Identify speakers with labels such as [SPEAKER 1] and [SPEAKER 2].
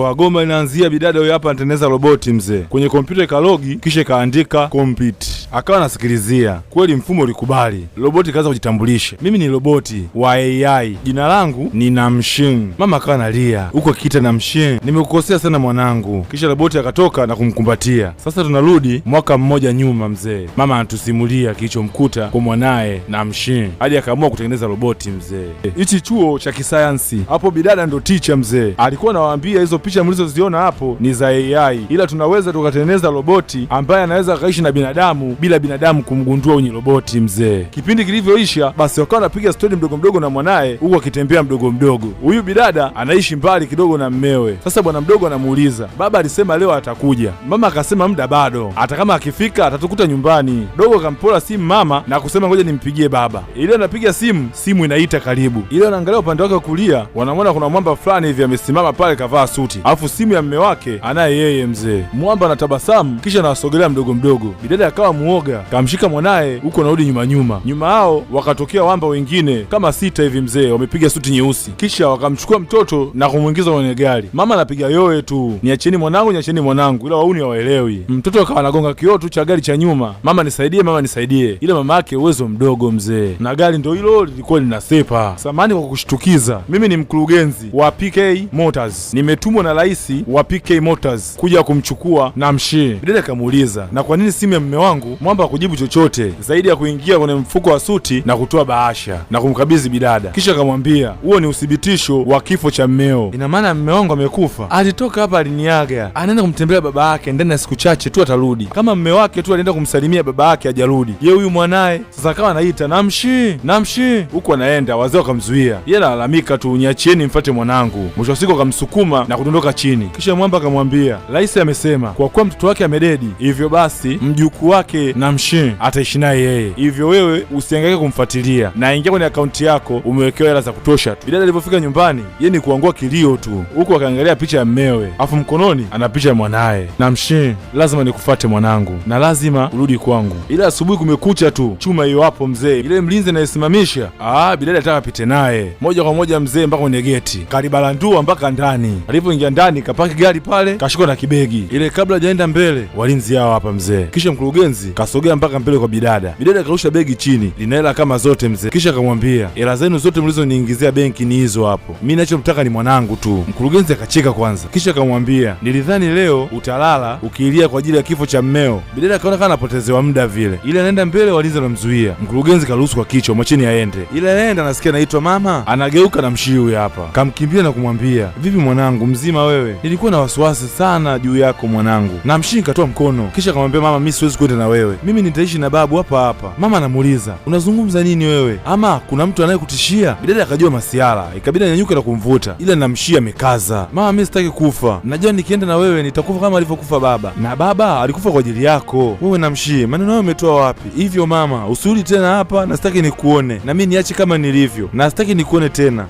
[SPEAKER 1] Wagoma inaanzia bidada huyo hapa anatengeneza roboti mzee, kwenye kompyuta ikalogi, kisha ikaandika compete Akawa anasikilizia kweli, mfumo ulikubali. Roboti kaanza kujitambulisha, mimi ni roboti wa AI, jina langu ni Namshin. Mama akawa analia huko akiita Namshin, nimekukosea sana mwanangu. Kisha roboti akatoka na kumkumbatia. Sasa tunarudi mwaka mmoja nyuma, mzee. Mama anatusimulia kilichomkuta kwa mwanaye Namshin hadi akaamua kutengeneza roboti. Mzee, hichi chuo cha kisayansi hapo, bidada ndo ticha mzee. Alikuwa anawaambia hizo picha mlizoziona hapo ni za AI, ila tunaweza tukatengeneza roboti ambaye anaweza akaishi na binadamu bila binadamu kumgundua wenye roboti mzee. Kipindi kilivyoisha, basi wakawa wanapiga stori mdogo mdogo na mwanaye, huku akitembea mdogo mdogo. Huyu bidada anaishi mbali kidogo na mmewe. Sasa bwana mdogo anamuuliza, baba alisema leo atakuja. Mama akasema muda bado, hata kama akifika atatukuta nyumbani. Dogo akampola simu mama na kusema ngoja nimpigie baba. Ile anapiga simu, simu inaita karibu. Ile anaangalia upande wake wa kulia, wanamwona kuna mwamba fulani hivi amesimama pale, kavaa suti, alafu simu ya mme wake anaye yeye mzee. Mwamba anatabasamu, kisha anawasogelea mdogo mdogo. Bidada akawa muoga, kamshika mwanaye huko, naudi nyuma nyuma nyuma. Hao wakatokea wamba wengine kama sita hivi, mzee wamepiga suti nyeusi, kisha wakamchukua mtoto na kumwingiza kwenye gari. Mama anapiga yoye tu, niacheni mwanangu, niacheni mwanangu, ila wauni hawaelewi. Mtoto akawa anagonga kioo tu cha gari cha nyuma, mama nisaidie, mama nisaidie, ila mama yake uwezo mdogo mzee, na gari ndo hilo lilikuwa linasepa. Samani kwa kushtukiza, mimi ni mkurugenzi wa PK Motors, nimetumwa na rais wa PK Motors kuja kumchukua na mshii. Bidada akamuuliza na kwa nini simu ya mme wangu mwamba hakujibu chochote zaidi ya kuingia kwenye mfuko wa suti na kutoa bahasha na kumkabidhi bidada, kisha akamwambia huo ni uthibitisho wa kifo cha mmeo. Ina maana mme wangu amekufa, alitoka hapa aliniaga, anaenda kumtembelea baba yake, ndani ya siku chache tu atarudi. Kama mme wake tu alienda kumsalimia baba yake, hajarudi ye huyu mwanaye sasa akawa anaita namshi namshi, huku anaenda, wazee wakamzuia, ye analalamika tu, niachieni mfate mwanangu. Mwisho wa siku akamsukuma na kudondoka chini, kisha mwamba akamwambia, rais amesema kwa kuwa mtoto wake amededi, hivyo basi mjukuu wake yeye na mshin ataishi naye yeye, hivyo wewe usihangaike kumfuatilia, na ingia kwenye akaunti yako, umewekewa hela za kutosha tu. Bidada alipofika nyumbani, yeye ni kuangua kilio tu, huku akaangalia picha ya mmewe, afu mkononi ana picha ya mwanaye. Na mshin, lazima nikufate mwanangu, na lazima urudi kwangu. Ila asubuhi kumekucha tu, chuma hiyo hapo mzee, ile mlinzi anayesimamisha ah, bidada ataka apite naye moja kwa moja mzee mpaka kwenye geti, kalibalandua mpaka ndani. Alipoingia ndani, kapaki gari pale, kashuka na kibegi ile. Kabla ajaenda mbele, walinzi hao hapa mzee, kisha mkurugenzi kasogea mpaka mbele kwa bidada. Bidada akarusha begi chini, lina hela kama zote mzee, kisha akamwambia hela zenu zote mlizoniingizia benki ni hizo hapo, mi nachomtaka ni mwanangu tu. Mkurugenzi akacheka kwanza, kisha akamwambia nilidhani leo utalala ukilia kwa ajili ya kifo cha mmeo. Bidada akaona kana apotezewa muda vile, ili anaenda mbele, walinzi anamzuia. Mkurugenzi karuhusu kwa kichwa mwachini aende, ila anaenda anasikia naitwa mama, anageuka na mshii huyu hapa, kamkimbia na kumwambia vipi mwanangu, mzima wewe? Nilikuwa na wasiwasi sana juu yako mwanangu, na mshii katoa mkono, kisha akamwambia mama, mi siwezi kwenda na wewe wewe, mimi nitaishi na babu hapa hapa. Mama anamuuliza unazungumza nini wewe, ama kuna mtu anayekutishia? Bidada akajua masiala, ikabidi anyanyuke na kumvuta, ila namshia amekaza. Mama, mimi sitaki kufa, najua nikienda na wewe nitakufa kama alivyokufa baba, na baba alikufa kwa ajili yako wewe. Namshie maneno ayo umetoa wapi? Hivyo mama, usirudi tena hapa, na sitaki nikuone, na mimi niache kama nilivyo, na sitaki nikuone tena.